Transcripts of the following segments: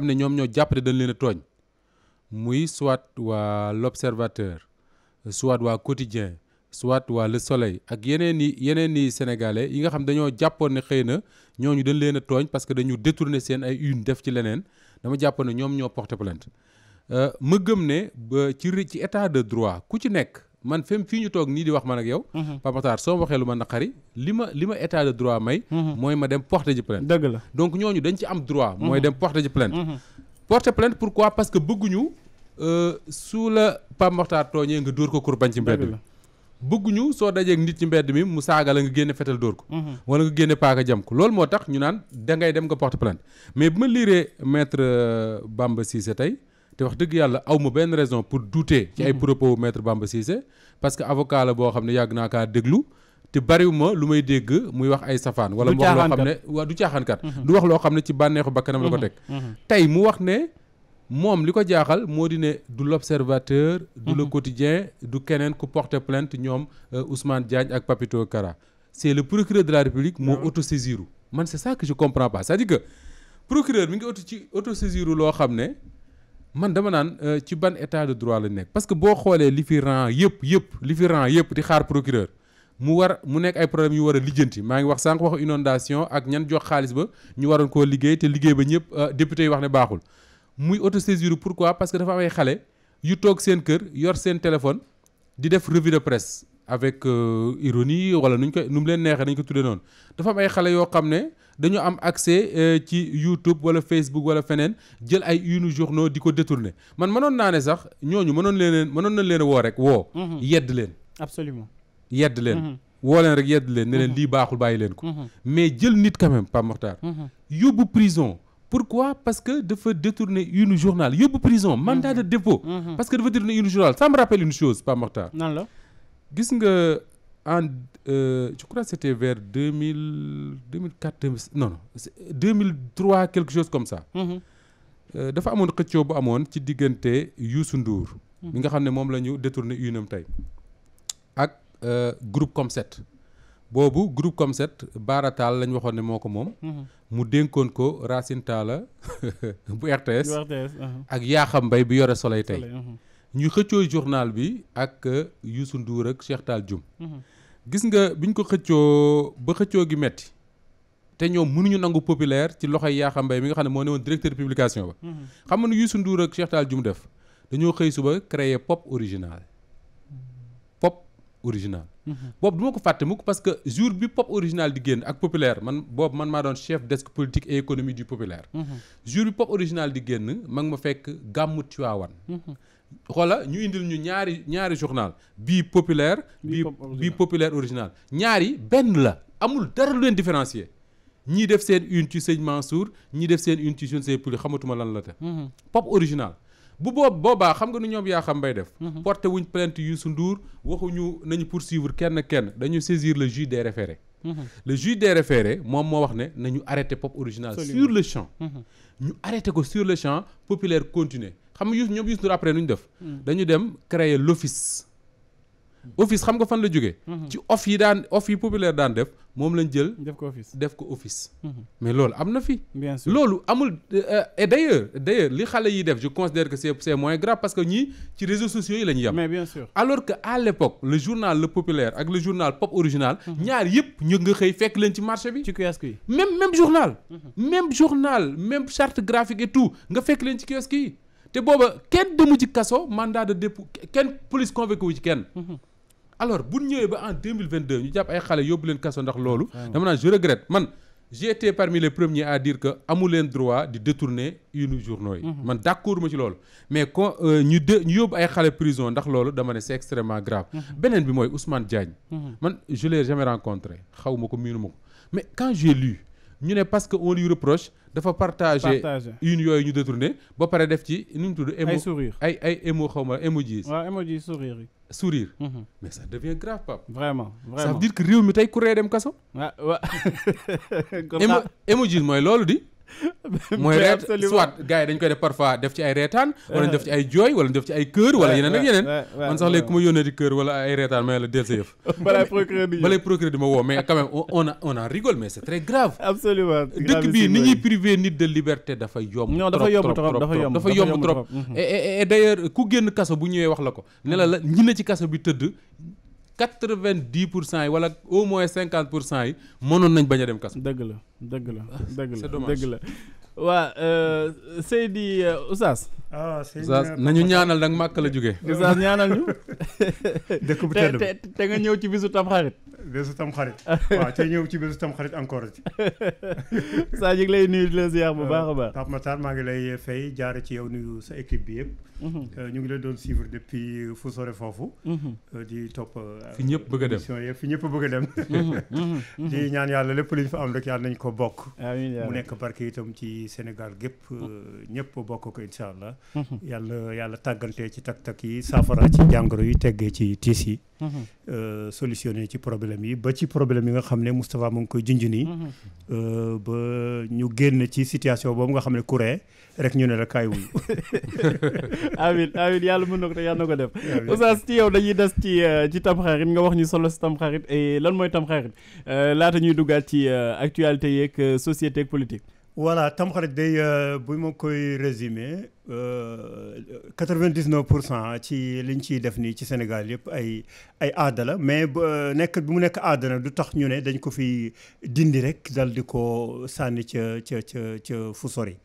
xam ne ñoom ñoo jàpp ne dañ leen a tooñ muy soit waa l'observateur soit waa quotidien soit waa le soleil ak yeneen i yeneen i sénégalais yi nga xam dañoo jàppoon ne xëy na ñooñu dañ leen a tooñ parce que dañu détourner seen ay une def ci leneen dama jàppoon ne ñoom ñoo porté plainte euh, ma gëm ne ba ci ci état de droit ku ci nekk man fem fii ñu toog nii di wax man ak yow mhm. Pape Makhtar soo ma waxee lu ma naqari li ma li ma état de droit may mhm. mooy ma dem porter ji plainte dëgg la donc ñooñu dañ ci am droit mooy mhm. dem porter ji plainte porter plainte pourquoi parce que bëgguñu euh, su la Pape Makhtar tooñee nga dóor ko kurbañ ci mbedd mi bëgguñu soo dajeeg nit ci mbedd mi mu saaga la nga génne fetal dóor ko wala nga génne paaka jam ko loolu moo tax ñu naan da ngay dem nga porter plainte mais bu ma liiree maître euh, Bamba Cissé tey te wax dëgg yàlla aw ma benn raison pour douter ci ay mm-hmm. propos maître Bamba Cissé parce que boo xam ne yàgg naa kaa déglu te bariwuma lu may dégg muy wax ay safaan wala mu wax loo xam ne waa du caaxaankat mm-hmm. du wax loo xam ne ci bànneexu bakkanam la ko mm-hmm. teg tey mu wax ne moom li ko jaaxal moo di ne du l'observateur du le quotidien du keneen ku porter plainte ñoom euh, Ousmane Diagne ak Papito Kara c'est le procureur de la République moo ah autosaisiru man c'est ça que je comprends pas c'est-à-dire que procureur mi ngi auto ci autosaisiru loo xam ne man dama naan euh, ci ban état de droit la nekk parce que boo xoolee li fi rang yëpp yëpp li fi rang yëpp di xaar procureur mu war mu nekk ay problèmes yu war a lijjanti maa ngi wax sànq waxu inondation ak ñan jox xaalis ba ñu waroon koo liggéey te liggéey ba ñëpp euh, député yi wax ne baaxul muy auto autosaisir pourquoi parce que dafa am ay xale yu toog seen kër yor seen téléphone di def revue de presse avec euh, ironie wala nuñ ko nu mu leen neexee nañ ko tuddee noonu dafa ay xale yoo xam ne dañu am accès euh, ci YouTube wala Facebook wala feneen jël ay une journaux di ko détourner man mënoon naa ne sax ñooñu mënoon leen mënoon nañ leen woo rek woo. Mhm. yedd leen. absolument yedd leen. Mhm. woo leen rek yedd leen ne leen mhm. lii baaxul bàyyi leen ko. mais jël nit quand même Pape Mokhtar. yóbbu prison. pourquoi parce que dafa détourner une journal yóbbu prison mandat de dépôt. parce que dafa détourner une journal ça rappelle une chose Pape Mokhtar. gis nga. en euh, je crois mille deux non non deux mille trois quelque chose comme mm-hmm. euh, dafa amoon xëccoo bu amoon ci diggante Youssou Ndour. mi nga xam ne moom la ñu détourné unam tey. ak euh, groupe Comset. boobu group comme set Tall lañ waxoon ne moo ko moom. Mm-hmm. mu dénkoon ko Racine Talla bu RTS. Uh-huh. ak Yakham mbay bi yore Soleil tey. Uh-huh. ñu xëccoo journal bi ak euh, Youssou Ndour ak Cheikh Tall Dioum. Mm-hmm. gis nga biñ ko xëccoo ba xëccoo gi metti te ñoom mënuñu nangu populaire ci loxoy Yakham Mbaye mi nga xam ne moo ne woon directeur publication ba mhm. xam nga ne Youssou Ndour ak Cheikh Tall jum def dañoo xëy suba créer pop original pop original mhm. boobu du ko fàtte mukk parce que jour bi pop original di génn ak populaire man boobu man maa doon chef desk politique et économie du populaire mhm. jour bi pop original di génn mag ma fekk gàmmu Tiwaawan xoola ñu indil ñu ñaari ñaari journal bii populaire bii bii populaire original ñaari benn la amul dara lu leen différencier ñii def seen une ci sëñ Mansour ñii def seen une ci je ne xamatuma lan la mhm. pop original bu boob boobaa xam nga nu ñoom yaa xam bay def mhm. porté wuñ plainte Youssou Ndour waxuñu nañu poursuivre kenn kenn dañu saisir le juge des référés Mm-hmm. le juge des référés moom moo wax ne na ñu arrêté pop original sur le champ mm-hmm. ñu arrêté ko sur le champ populaire continuer xam nga Youssou ñoom Youssou après nu ñu def mm. dañu dem créer l'office office xam nga fan la jógee mhm. ci off yi daan off yi populaire daan def moom lañ jël def ko office def ko office mhm. mais loolu am na fi bien sûr loolu amul euh, et d'ailleurs li xale yi def je considère que c'est c'est moins parce que ñii ci réseaux sociaux yi la ñu yem mais bien sûr alors que à l'époque le journal le populaire ak le journal pop original mhm. ñaar yëpp ñu nga xëy fekk leen ci marché bi ci kiosque yi même même journal même journal même charte graphique et tout nga fekk leen ci kiosque yi te booba kenn demu ci kaso mandat de dépôt kenn police convoqué wu ci kenn alors bu ñëwee ba en 2022 ñu jàpp ay xale yóbbu leen kaso ndax ah, loolu. dama naan je regrette man j'étais parmi les premiers à dire que amu leen droit di détourner une journaux yi. Mhm. man d'accord ma ci loolu. mais kon euh, ñu de ñu yóbbu ay xale prison ndax loolu dama ne c'est extrêmement grave. Mhm. beneen bi mooy Ousmane Diagne. Mhm. man je l'ai jamais rencontré xaw ko miinu ma ko mais quand j'ai lu. ñu ne parce que on lui reproche dafa partager une yooyu ñu détourné ba pare def ci nu mu tudd. ay sourire ay ay émo xaw ma emojis. waaw emojis sourire yi. sourire. Mhm. mais ça devient grave Pape. vraiment dire que réew mi tey ku dem kaso. waaw ah, waaw. comme ça émojis mooy loolu di. mooy reet soit gars yi dañ koy def parfois def ci ay reetaan wala def ci ay jooy wala def ci ay kër wala yeneen ak yeneen man sax léegi ku ma yónnee di kër wala ay reetaan ma la del yëf balay procureur di ma woo mais quand même on a on en rigole mais c'est très grave absolument dëkk bii ni ñuy privé nit de liberté dafa yomb non dafa yomb trop dafa yomb trop et d'ailleurs ku génn kaso bu ñëwee wax la ko ne la la ci kaso bi tëdd quatre vingt dix pour cent yi wala au moins cinquante pour cent yi mënoon nañ bañ a dem kaso. dëgg la dëgg la ah, dëgg la dëgg la waa euh, euh, ah, Seydi Oustaz. ah Oustaz nañu ñaanal nag màkk la jóge Oustaz ñaanal ñu. dëkk bu tedd te nga ñëw ci bisu tam xarit. bésu tam xarit waaw tey ñëw ci bésu tam xarit encore ci saa ñu ngi lay nuyu di la ziar bu baax a baax Pape Matar maa ngi lay fay jaare ci yow nuyu sa équipe bi yëpp mhm. euh, ñu ngi lay doon suivre depuis euh, fu sore foofu mhm. euh, di topp fi ñëpp bëgg a dem a mhm, di ñaan yàlla lépp lu ñu am rek yàlla nañ ko bokk mu nekk barke itam ci Sénégal gépp ñëpp bokk ko incha allah yàlla yàlla tàggante ci tak-tak yi saafara ci jàngoro yi teggee ci tiis yi Euh, solutionné ci problème yi ba ci problème yi nga xam ne Moustapha mu ngi koy junj nii. Mhm. Euh, ba ñu génn ci situation boobu nga xam ne kuré rek ñu ne la kaay wuyu. amiin amiin yàlla mën na ko te yàlla na ko def. Oustaz ci yow dañuy des ci euh, ci tamxarit nga wax ñu solo si tamxarit lan mooy tamxarit laata ñuy duggaat ci actualité yeeg société ak politique. voilà tamxarit day euh, bu ma koy résumé euh, quatre-vingt-dix-neuf pour cent ci liñ ciy def nii ci Sénégal yëpp ay ay aadala mais ba euh, nekk bu mu nekk aada du tax ñu ne dañ ko fi dindi rek dal di ko sànni ci ca ca ca fu sori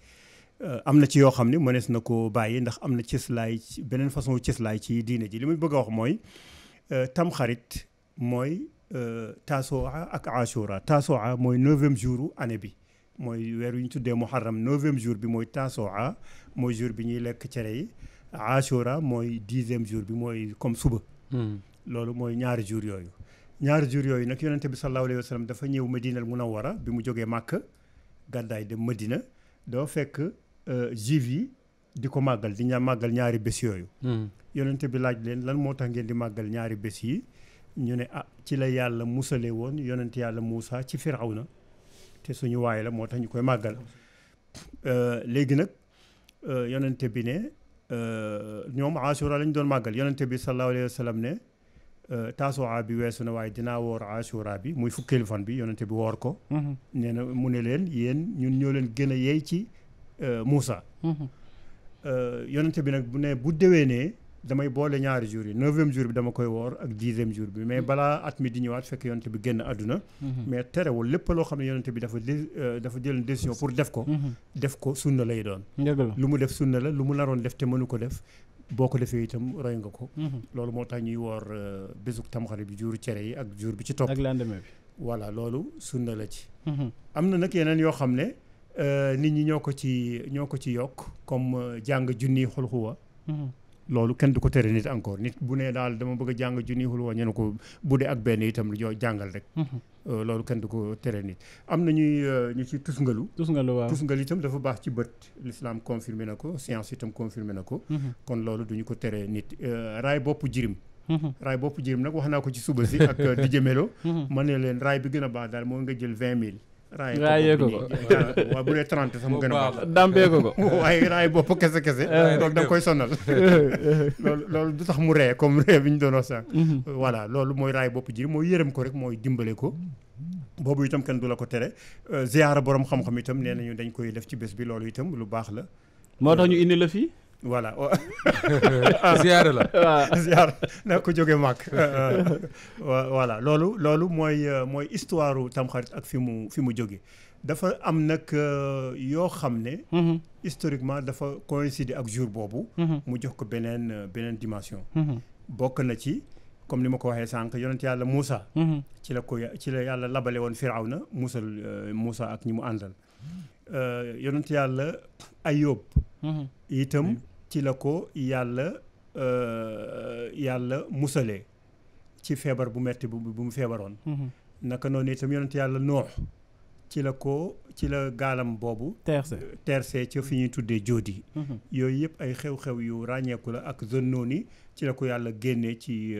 am na ci yoo xam ne mënees na ko bàyyi ndax am na cëslaay beneen façon cëslaay ci diine ji li muy bëgg a wax mooy tamxarit mooy taasoo ak asura taasoo mooy neuvième jour année bi. mooy weer wi ñu tuddee muharram neuvième jour bi mooy taasooa mooy jour bi ñuy lekk cere yi ashura mooy dixième jour bi mooy comme suba hmm. loolu mooy ñaari jour yooyu ñaari jour yooyu nag yonente bi sallallahu alayhi wa sallam dafa ñëw madinal a bi mu jógee màkk gàddaay dem madina doo fekk euh, juif yi di ko màggal di ña màggal ñaari bés yooyu hmm. yonente bi laaj leen lan moo tax ngeen di màggal ñaari bés yi ñu ne ah ci la yàlla musalee woon yonent yàlla Muusa ci Firawna te suñu waay la moo tax ñu koy màggal euh, léegi nag euh, yonente bi ne euh, ñoom asura lañ doon màggal yonente bi sallallahu alayhi wa sallam ne taasuwaa bi weesu na waaye dinaa woor asura bi muy fukkeelu fan bi yonente bi woor ko mm-hmm. nee na mu ne leen yéen ñun ñoo leen gën a yey ci muusa mm-hmm. yonente bi nag bu ne bu déwénee damay boole ñaari jours yi neuvième jour bi dama koy woor ak dixième jour bi mais mm-hmm. balaa at mi di ñëwaat fekk yonent bi génn àdduna mm-hmm. mais terewul lépp loo xam ne yonent bi dafa euh, dafa jël décision pour def ko mm-hmm. def ko sunna lay doon lu mu def sunna la lu mu naroon def te mënu ko def boo ko defee itam roy nga ko loolu moo tax ñuy woor euh, bésuk tamxarit bi juru cere yi ak jour bi ci topp ak lendemain bi voilà loolu sunna la ci am na nag yeneen yoo xam ne euh, nit loolu kenn du ko tere nit encore nit bu nee daal dama bëgg a jàng junni xul ñu ne ko bu dee ak benn itam lu jàngal rek. Mm-hmm. Euh, loolu kenn du ko tere nit. am na ñuy euh, ñu ci tusngalu. tusngalu waaw tusngal itam dafa baax ci bët. l'islam confirmé na ko science itam confirmé na ko. Mm-hmm. kon loolu du ñu ko tere nit euh, raay bopp jirim. Mm-hmm. raay bopp jirim nag wax naa ko ci suba si ak di jëmelo. ma ne leen raay bi gën a baax daal moo nga jël vingt raayee ko ko waaye bu dee 30 sax mu gën a baax dàmbee ko ko waaye raay bopp kese kese loolu da koy sonal loolu loolu du tax mu ree comme ree bi ñu doon wax sànq mhm. loolu mooy raay bopp jiri mooy yërëm ko rek mooy dimbale ko boobu itam kenn du la ko tere euh, ziyaara borom xam-xam itam nee nañu dañ koy def ci bés bi loolu itam lu baax la moo tax ñu euh, indi la fii voilà ziyaare la waaw ziyaare na ko jóge màg voilà loolu loolu mooy euh, mooy histoire tamxarit ak fi mu fi mu jóge dafa am nag euh, yoo xam ne mhm. historiquement dafa coïncider ak jour boobu mhm. mu jox ko beneen euh, beneen dimension mhm. bokk na ci comme ni ma ko waxee sànq yonent yàlla Moussa ci la ko ci la yàlla labale woon na musal muusa ak ñi mu àndal Euh, yonent yàlla Ayóob mhm. itam ci la ko yàlla euh, yàlla musalee ci feebar bu metti bu bu mu feebaroon mhm. naka noonu itam yonent yàlla noox ci la ko ci la gaalam boobu terse euh, ci fi ñuy tuddee jóodi mhm. yooyu yëpp ay xew-xew yu ràññeeku la ak zone noonu ci la ko yàlla génne ci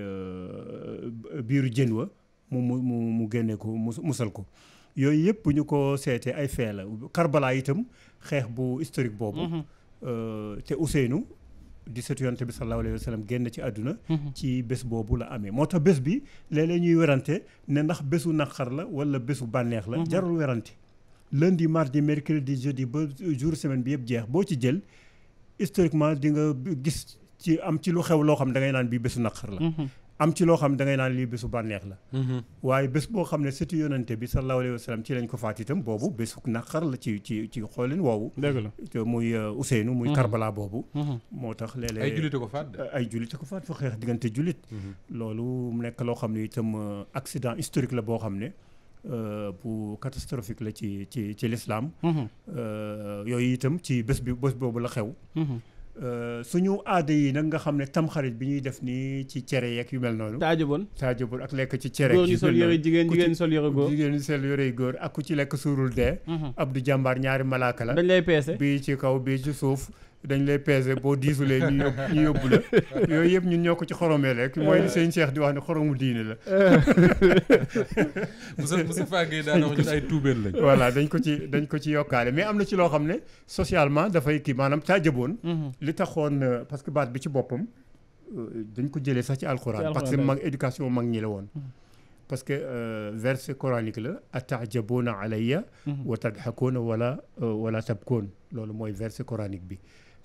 biiru jën wa mu mu mu génne ko musal ko yooyu yëpp ñu ko seete ay fee la Karbala itam xeex bu historique boobu. Mhm. Euh, te Ousseynou di sëtu yonent bi sallallahu alayhi wa sallam génn ci àdduna. Mhm. ci bés boobu la amee moo tax bés bi léeg ñuy werante ne ndax bésu naqar la wala bésu bànneex la. Mhm. jarul werante lundi mardi mercredi jeudi ba jour semaine bi yëpp jeex boo ci jël historiquement di gis. ci am ci lu xew loo xam da ngay naan bii bésu naqar la mhm. am ci loo xam da naan lii bésu bànneex la mhm. waaye bés boo xam ne sëtu yonante bi sallallahu alayhi wa sallam ci lañ ko faat itam boobu bésu naqar la ci ci ci xoolin woowu te muy euh, Ousseynou muy mhm. Karbala boobu moo tax léeg-léeg ay jullit a faat ay jullit ko faat fa xeex diggante jullit loolu mu nekk loo xam ne itam euh, accident historique la boo xam ne euh, bu catastrophique la ci ci ci l'islam yooyu itam ci bés bi bés boobu la xew Euh, ñu aada yi nag nga xam ne tamxarit bi ñuy def nii ci cere yeeg yu mel noonu. taajaboon taajaboon ak lekk ci cere. góor sol yore jigéen jigéen sol yore góor jigéen ñu sol yore góor ak ku ci lekk suurul dee. Mhm. Abdou Jàmbaar ñaari malaaka la. dañ lay peese bii ci kaw bii ci suuf. dañ lay peser boo diisulee ñu ñu yóbbu la yooyu yëpp ñun ñoo ko ci xoromee rek mooy li sëñ di wax ne xoromu diine la. Moussa Moussa Fagé daan wax ñun ay tuubeel lañ. voilà dañ ko ci dañ ko ci yokkaale mais am na ci loo xam ne socialement dafay kii maanaam caa jëboon. Mhm. li taxoon euh, parce que baat bi ci boppam euh, dañ ko jëlee sax ci alxuraan. parce que mag éducation mag ñi la woon. Mhm. parce que euh, verset coranique la atajaboona alayya wa mhm. tadxakoona wala wala tabkoon loolu mooy verset bi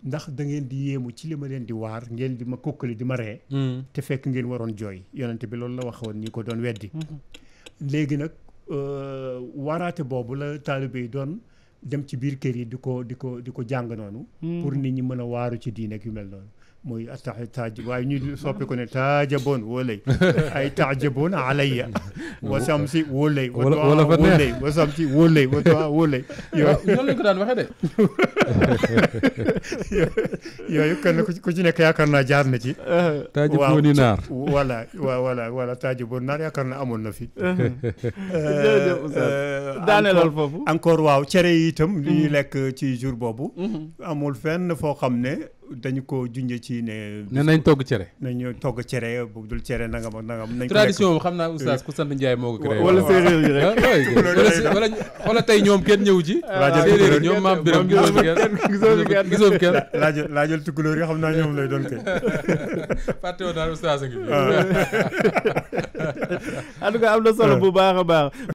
ndax da ngeen di yéemu ci li ma leen di waar ngeen di ma kokkali di ma ree hmm. te fekk ngeen waroon jooy yonent bi loolu la waxoon ñi ko doon weddi hmm. léegi nag euh, waaraate boobu la taalibe yi doon dem ci biir kër yi di ko di ko di ko jàng noonu hmm. pour nit ñi mën a waaru ci diine ak yu mel noonu mooy atax taaj waaye ñu soppi ko ne taajaboon wóolay ay taajaboon alayya wasam si wóolay wala fa wóolay wasam si wóolay watoa wóolay yooyu noonu lañ ko ku ci nekk yaakaar naa jaar na ci taajabooni naar voilà voilà voilà taajaboon naar yaakaar naa amoon na fi euh, euh, daaneelal foofu encore waaw cere yi itam li mm-hmm. lekk ci jour boobu mm-hmm. amul fenn foo xam ne dañu ko junjee ci ne. ne nañ togg cere. nañu togg cere bu dul cere nangam nangam. nañ ko tradition xam naa oustaz ku sant Ndiaye moo ko créé. wala séeréer yi rek ah, wala wala tey ñoom kenn ñëw ji laajal séeréer yi ñoom maam biram gisoo fi kenn gisoo fi kenn xam naa ñoom lay doon kay. fàtte woon daal oustaz ngi. Ah. en tout cas am na solo ah. bu baax a baax.